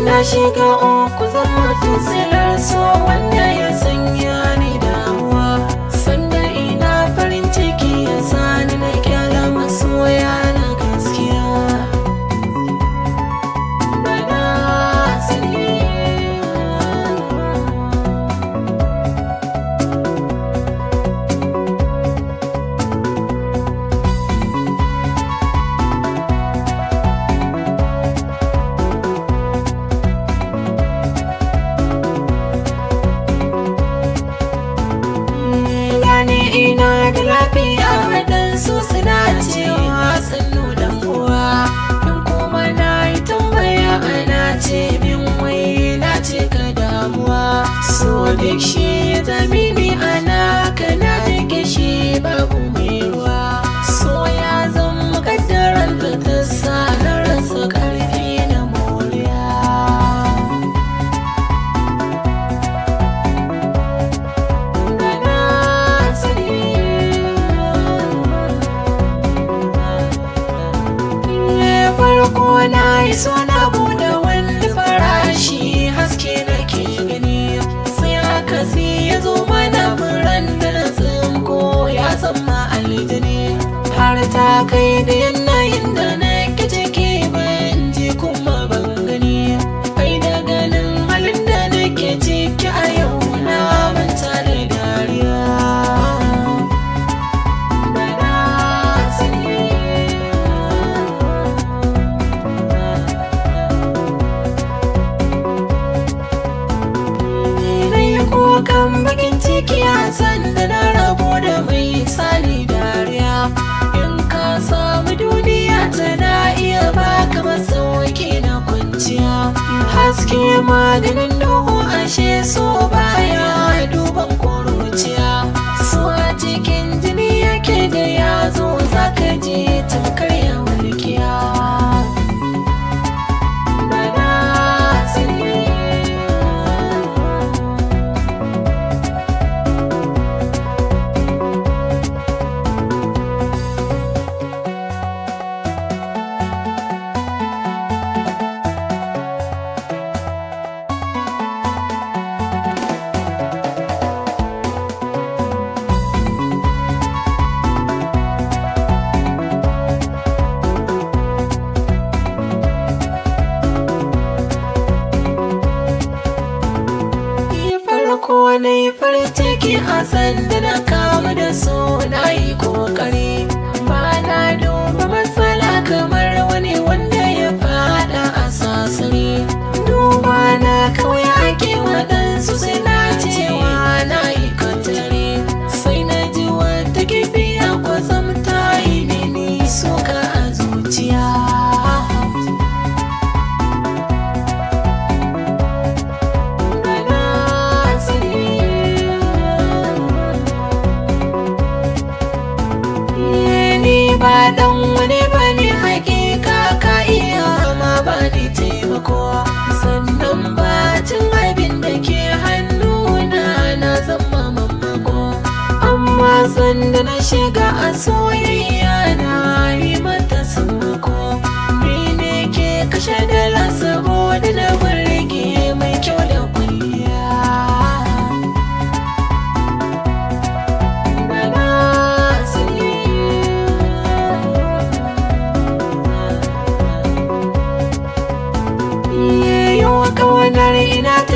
na shiga uku zan mutu silar so wanda ya sanya ni suna bude wani farashi haske na ke gani sai aka si ya zo mana furan da tsinko ya zama aljini har ta kai da kiya da na rabu da mai sani dariya in ka samu duniya tana iya baka masauki na kwanciya haske maganin duhu ashe so baya duban kuruciya Su a cikin jini yake da yazo zaka je tamkar farko na yi farin ciki a sanda na kamu da su na yi kokari ba na duba matsala kamar cin abin da ke hannuna na zama mamako amma sanda na shiga a soyayya na yi mata sammako ne ke kashe dala Magdalena